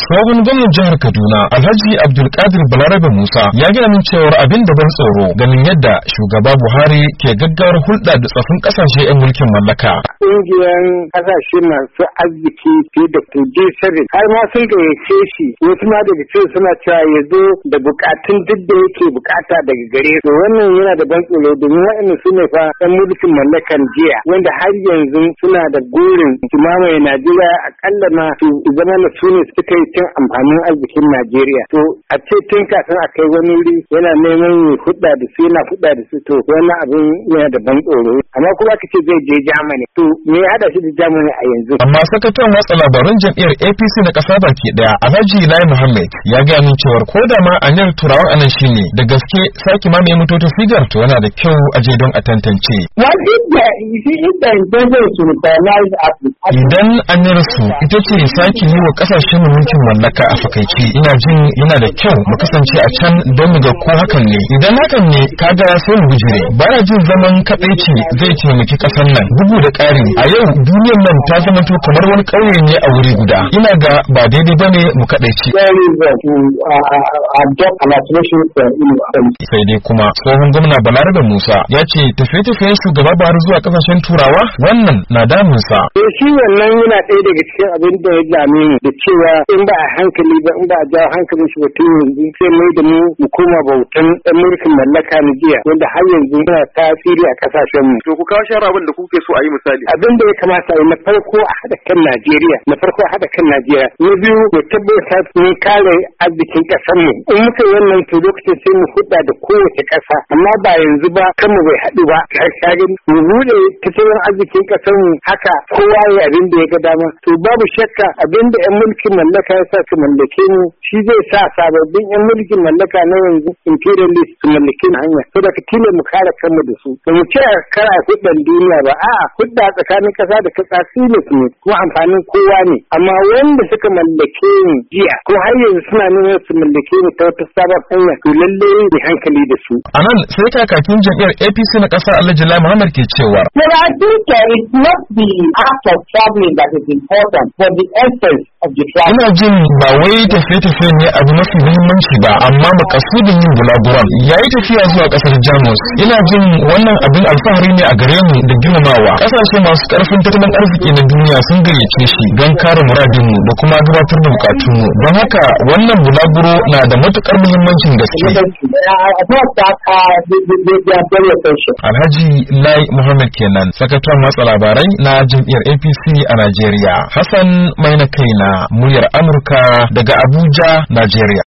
tsohon gwamnan jihar Kaduna Alhaji Abdulkadir Balarabe Musa ya gina min cewar abin da ban tsoro ganin yadda shugaba Buhari ke gaggawar hulɗa da tsafin ƙasashe 'yan mulkin mallaka. Ƙungiyar ƙasashe masu arziki fiye da kudi shirin har ma sun gayyace shi wasu ma daga cikin suna cewa ya zo da bukatun duk da yake bukata daga gare su wannan yana da ban tsoro domin waɗannan su ne fa 'yan mulkin mallakan jiya wanda har yanzu suna da gorin. su mamaye Najeriya akalla ma su zama na su ne suka cin amfanin arzikin Najeriya. To a ce tun kafin a kai wani wuri yana neman yi hudda da su yana hudda da su to wani abin yana da ban tsoro. Amma kuma ka ce zai je Germany. To me ya haɗa shi da Germany a yanzu? Amma sakataren watsa labarun jam'iyyar APC na ƙasa baki ɗaya Alhaji Lai Muhammad ya gaya min cewa ko da ma a anyar turawan anan ne, da gaske sake ma mai mutotun sigar to yana da kyau a je don a tantance. Idan an yi su ita ce sake yi wa kasashen mu mulkin mallaka a fakaici ina jin yana da kyau mu kasance a can don mu ga ko hakan ne idan hakan ne ka ga sai mu gujire na jin zaman kadaici zai taimaki kasan nan bugu da ƙari a yau duniyar nan ta zama to kamar wani ƙauye ne a wuri guda ina ga ba daidai bane mu kadaici sai dai kuma tsohon gwamna da musa ya ce tafiye-tafiyen shugaba buhari zuwa kasashen turawa wannan na damunsa eh, shi wannan yana ɗaya daga cikin abin da ya dame da cewa in ba a hankali ba in ba a jawo hankalin shi tun yanzu sai mai da mu mu koma bautan dan mulkin mallaka na jiya wanda har yanzu yana tasiri a kasashen mu. To ku kawo shara abin da kuke so a yi misali. Abin da ya kamata a yi na farko a haɗa kan Najeriya na farko a haɗa kan Najeriya na biyu mu tabbata mun kare arzikin ƙasar mu in muka yi wannan to lokacin sai mu hudda da kowace ƙasa amma ba yanzu ba mu bai haɗu ba kagin mu bude tattalin arzikin ƙasar mu haka kowa ya abin da ya ga dama to babu shakka abin da 'yan mulkin mallaka sa su mallake mu shi zai sa sababbin yan mulkin mallaka na yanzu imperialist su mallake mu hanya saboda ka tilo mu kare kanmu da su ba mu ce kara huddan duniya ba a'a kudda tsakanin kasa da kasa silas ne kuma amfanin kowa ne amma wanda suka mallake mu jiya ko har yanzu suna neman su mallake mu ta wata sabon hanya to lalle ne hankali da su a nan sai kakakin jam'iyyar APC na kasa Alhaji Lai Muhammad ke cewa There are things that is not the act traveling that is important for the essence ina jin ba wai tafiye-tafiye ne abu mafi muhimmanci ba amma makasudin yin bulaguran ya yi tafiya zuwa kasar jamus ina jin wannan abin alfahari ne a gare mu da girmamawa kasashe masu karfin tattalin arziki na duniya sun gayyace shi don kare muradinmu da kuma gabatar da bukatunmu don haka wannan bulaguro na da matukar muhimmancin gaske alhaji lai muhammad kenan sakataren watsa labarai na jam'iyyar apc a najeriya hassan maina kaina muyar muryar Amurka daga Abuja, Nigeria.